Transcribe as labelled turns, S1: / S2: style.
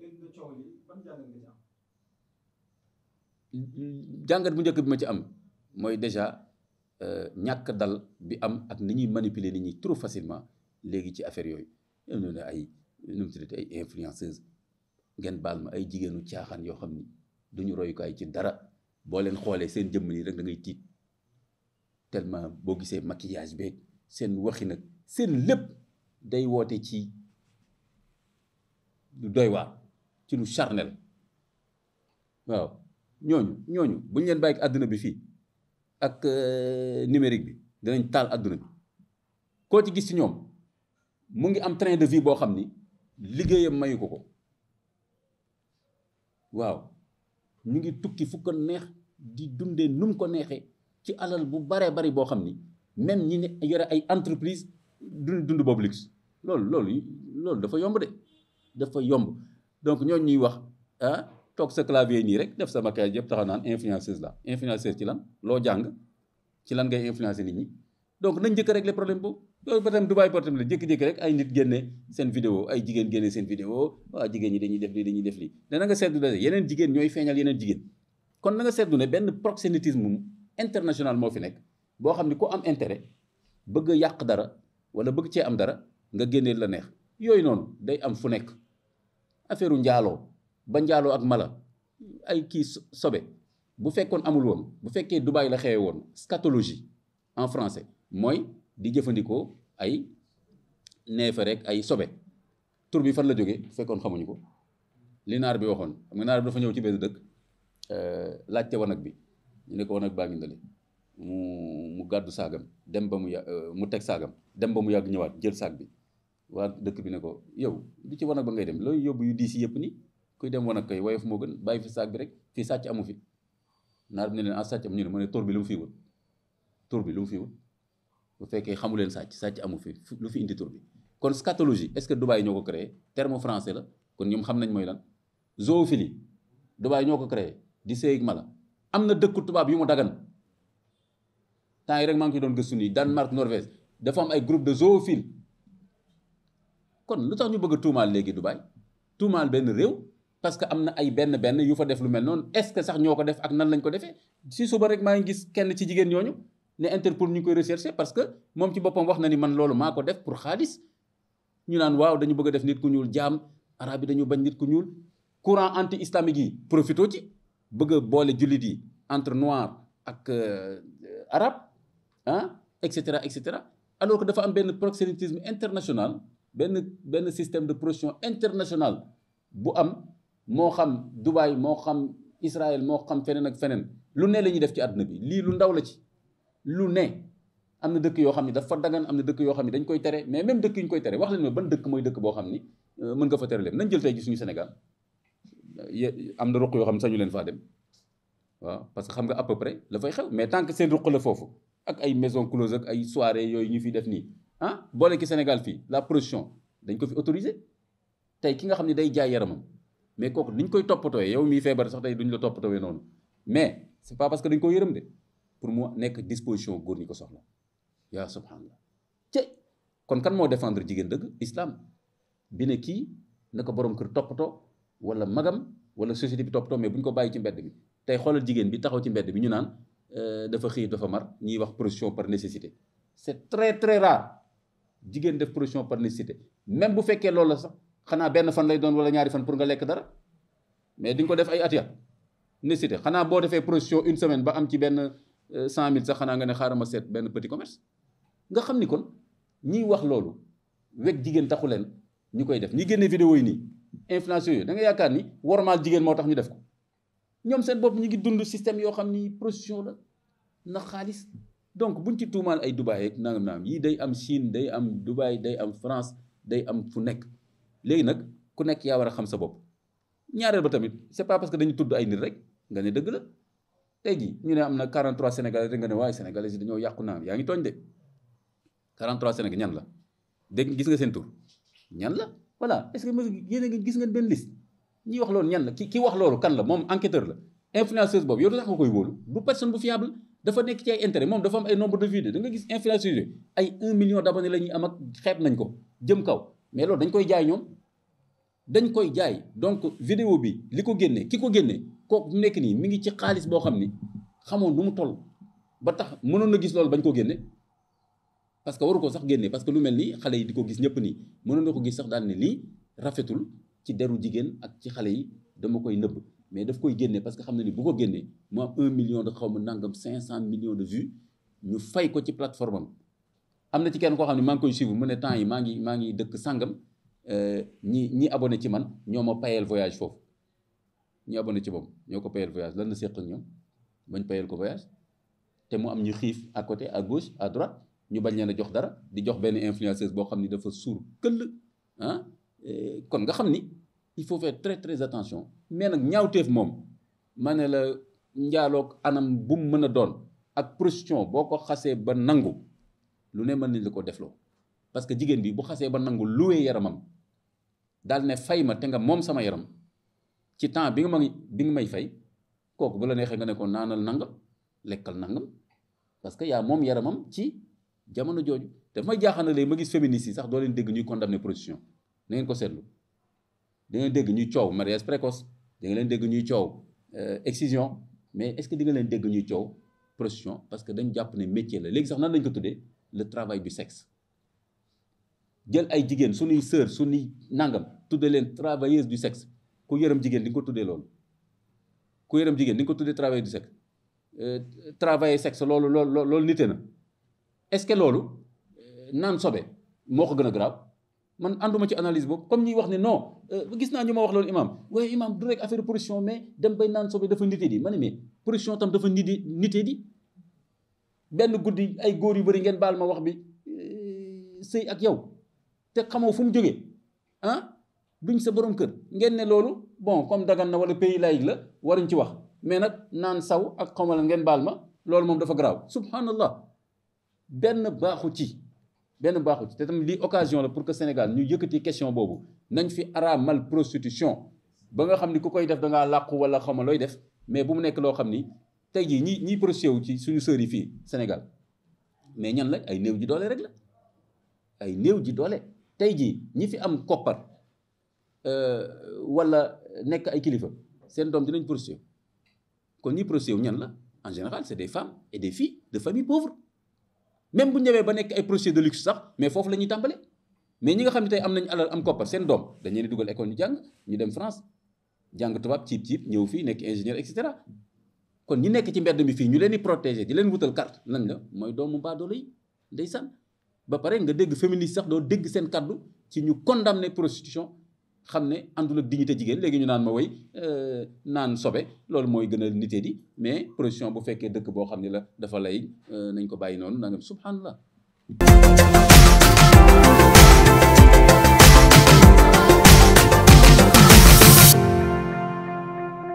S1: dégg nga jàngat bu njëkk bi ma ci am mooy déjà euh, ñàkk dal bi am ak ni ñuy manipuler ni ñi trop facilement léegi ci affaire yooyu ñoo ne ay nu mu ay influenceuse ngeen baal ma ay jigéenu caaxaan yoo xam ni duñu royukaay ci dara boo leen xoolee seen jëmm nii rek da ngay tiit tellement boo gisee maquillage beeg seen waxi nag seen lépp day woote ci lu doy ci lu charnel waaw ñooñu ñooñu bu ñu leen bàyyi àdduna bi fii ak euh, numérique bi dinañ taal àdduna bi koo ci gis ci ñoom mu ngi am train de vie boo xam ni liggéeyam mayu ko ko waaw ñu ngi tukki fu neex di dundee num ko neexee ci alal bu baree bari boo xam ni même ñi ne yore ay entreprise dund dund boobu luxe loolu loolu loolu dafa yomb de dafa yomb donc ñooñu ñuy wax ah toog sa clavier nii rek def sa maquillage yëpp taxaw naan influenceuse la influenceuse ci lan loo jàng ci lan ngay influencer nit ñi donc nañ njëkk rek régler problème boobu loolu ba tam Dubaay problème la jékki-jékki rek ay nit génne seen vidéo ay jigéen génne seen vidéo waa jigéen ñi dañuy def lii dañuy def lii dana nga seetlu ne yeneen jigéen ñooy feeñal yeneen jigéen kon na nga seetlu ne benn proxénétisme international moo fi nekk boo xam ne ku am intérêt bëgg yàq dara wala bëgg cee am dara nga génneel la neex yooyu noonu day am fu nekk affaireu njaaloo ba njaaloo ak mala ay kii sobe bu fekkoon amul woon bu fekkee Dubaï la xewee woon scatologie en francais mooy di jëfandikoo ay neefe rek ay sobe tur bi fan la jóge fekkoon xamuñu ko li naar bi waxoon xam nga naar bi dafa ñëw ci benn dëkk euh, laajte wanag bi ñu ne wanag baa ngi ndale mu mu gàddu saagam dem ba mu euh, mu teg saagam dem ba mu yàgg ñëwaat jël saag bi waa dëkk bi ne ko yow li ci wanag ba ngay dem looy yóbbu yu diisi yëpp ni kuy dem wanag koy woyof moo gën bàyyi fi saag bi rek fii sàcc amu fi naar bi ne leen ah sàcc am ñu ne mu ne bi lu mu fii wut tóor bi lu mu fii bu fekkee xamu leen sàcc sàcc amu fi lu fi indi tóor bi kon scatologie est-ce que Dubaï ñoo ko créé terme français la kon ñoom xam nañ mooy lan zoophilie Dubaï ñoo ko créé di séy ak mala am na dëkku tubaab yu mu dagan temps yi rek maa ngi koy doon gëstu nii Danemark Norvège dafa am ay groupe de zoophiles kon lu tax ñu bëgg tuumaal léegi du Dubaï tuumaal benn réew parce que am na ay benn benn yu fa def lu mel noonu est-ce que sax ñoo ko def ak nan lañ ko defee si suba rek maa ngi gis kenn ci jigéen ñooñu ne Interpol ñu koy recherché parce que moom ci boppam wax na ni man loolu maa ko def pour xaalis ñu naan waaw dañu bëgg def nit ku ñuul jaam arab yi dañu bañ nit ku ñuul courant anti islamique yi profito ci bëgg boole jullit yi entre noir ak euh, arabe ah et cetera et cetera alors que am benn proxénétisme international benn benn système de production internationale bu am moo xam Dubaï moo xam Israël moo xam feneen ak feneen lu ne la ñuy def ci àdduna bi lii lu ndaw la ci lu ne am na dëkk yoo xam ne dafa dagan am na dëkk yoo xam ne dañ koy tere mais même dëkk yi koy tere wax leen ma ban dëkk mooy boo xam ni euh, mën nga fa tere leen nañ jël tey ji suñu Sénégal am na ruq yoo xam ne sañu leen faa dem waaw parce que xam nga à peu près la fay xew mais tant que seen ruq la foofu ak ay maison close ak ay soirée yooyu ñu fi def nii ah boole Sénégal fii la production dañ ko fi autorisé tey ki nga xam ne day jaay yaramam mais kooku niñ koy toppatooyee yow mii feebar sax tey duñ la toppatooyee noonu mais c'est pas parce que dañ ko yërëm de pour mu nekk disposition góor ñi ko soxla yaa subhanallah ce kon kan moo défendre jigéen dëgg islam bi ne kii na ko borom kër toppatoo wala magam wala société bi toppatoo mais bu ñu ko bàyyi ci mbedd bi tey xolal jigéen bi taxaw ci mbedd bi ñu naan euh, dafa xiif dafa mar ñiy wax production par nécessité c'est très très rare jigéen def production parnicité même bu fekkee loolu la sax xanaa benn fan lay doon wala ñaari fan pour nga lekk dara mais di nga ko def ay atiya nicité xanaa boo defee production une semaine ba am ci benn euh, cent mille sax xanaa nga ne xaaral ma seet benn petit commerce nga xam ni kon ñiy wax loolu weg jigéen taxu leen ñu koy def ñi génne vidéo yi nii influenceurs yooyu da nga yaakaar ni wormaal jigéen moo tax ñu def ko ñoom seen bopp ñu ngi dund système yoo xam ni production la na xaalis donc buñ ci tuumaal ay Dubaay ak nangam yii day am Chine day am Dubaay day am France day am fu nekk léegi nag ku nekk yaa war a xam sa bopp ñaareel ba tamit c'est pas parce que dañu tudd ay nit rek nga ne dëgg la tey jii ñu ne am na 43 sénégalais rek nga ne waaye sénégalais yi dañoo yàqu naam yaa ngi tooñ de 43 sénégalais ñan la dégg gis nga seen tur ñan la voilà est-ce que yéen gis nga benn liste ñi wax loolu ñan la ki ki wax loolu kan la moom enquêteur la influenceuse boobu yow du tax nga koy wóolu du personne bu fiable dafa nekk ci ay intérêt moom dafa am ay nombre de vues da nga gis influenceurs ay 1 million d' abonnés la ñuy am ak xeeb nañ ko jëm kaw mais loolu dañ koy jaay ñoom dañ koy jaay donc vidéo bi li ko génne ki ko génne kooku nekk nii mi ngi ci xaalis boo xam ni xamoon nu mu toll ba tax mënoon na gis loolu bañ ko génne parce que waru ko sax génne parce que lu mel nii xale yi di ko gis ñëpp nii mënoon na ko gis sax daal ne lii rafetul ci deru jigéen ak ci xale yi dama koy nëbb mais daf koy génne parce que xam na ni bu ko génnee mu am un million de xaw ma nangam cinq cent millions de vues ñu fay ko ci plateforme am na ci kenn koo xam ne maa ngi koy suivre mu ne temps yi maa ngi maa ngi dëkk sàngam euh, ñi ñi abonné ci man ñoo ma payal voyage foofu ñi abonné ci moom ñoo ko payal voyage lan na séq ak ñoom bañ payal ko voyage te mu am ñu xiif à côté à gauche à droite ñu bañ leen a jox dara di jox benn influenceuse boo xam ni dafa suur këll ah euh, kon nga xam ni il faut faire très très attention mais nag ñaawteef moom ma ne la njaaloog anam bu mu mën a doon ak prostitution boo ko xasee ba nangu lu ne mën nañ la ko defloo parce que jigéen bi bu xasee ba nangu luwee yaramam daal ne fay ma te nga moom sama yaram ci temps bi nga ma bi nga may fay kooku bu la neexee nga ne ko naanal nangam lekkal nangam parce que yaa moom yaramam ci jamono jooju daf may jaaxaan léegi ma gis féministes yi sax doo leen dégg ñuy condamné prostitution ngeen ko seetlu da nga dégg ñuy coow mariage précoce da nga leen dégg ñuy coow euh, excision mais est-ce que di nga leen dégg ñuy coow prostitution parce que dañ jàpp ne métier la léegi sax nan lañ ko tuddee le travail du sexe jël ay jigéen suñuy sœur suñuy nangam tuddee leen travailleuse du sexe ku yërëm jigéen di nga ko tuddee loolu ku yërëm jigéen di ko tuddee travail du sexe euh, travail sexe loolu loolu loolu nite na est-ce que loolu euh, naan sobe moo ko gën a grave man ànduma ci analyse boobu comme ñuy wax ne non euh, gis naa ñu ma wax loolu imam waaye imam du rek affaire production mais dem bay naan sobe dafa nite di ma ne mais production tam dafa nite nite di benn guddi ay góor yu bëri ngeen baal ma wax bi euh, sëy ak yow te xamoo fu mu jógee ah duñ sa borom kër ngeen ne loolu bon comme dagan na wala pays laïc la war waruñ ci wax mais nag naan saw ak xamal ngeen baal ma loolu moom dafa garaaw subhanallah benn baaxu ci benn baaxut te tam lii occasion la pour que Sénégal ñu yëkkati question boobu nañ fi araamal prostitution ba nga xam ni ku koy def da ngaa làqu wala xama looy def mais bu mu nekk loo xam ni tey jii ñi ñiy prostitué wu ci suñu sœurs yi fii Sénégal mais ñan la ay néew ji doole rek ay néew ji doole tey jii ñi fi am koppar euh, walla nekk ay kilifa seen doom dinañ prostitué kon ñi prostitué wu ñan la en général c'est des femmes et des filles de familles pauvres même bu ñëwee ba nekk ay projet de luxe sax mais foofu la ñuy mais ñi nga xam ne tey am nañ alal am koppar seen doom dañ leen di dugal école ñu jàng ñu dem France jàng tubaab ciib ciib ñëw fii nekk ingénieur et cetera kon ñi nekk ci mbedd mi fii ñu leen di protéger di leen wutal carte nañ la mooy doomu baadoolo yi ndeysaan ba pare nga dégg féministe sax doo dégg seen kàddu ci ñu condamner prostitution xam ne àndul ak dignité jigéen léegi ñu naan ma woy euh, naan sobe loolu mooy gën a nitee di mais production bu fekkee dëkk boo xam ne la dafa lay euh, nañ ko bàyyi noonu nangam subhanallah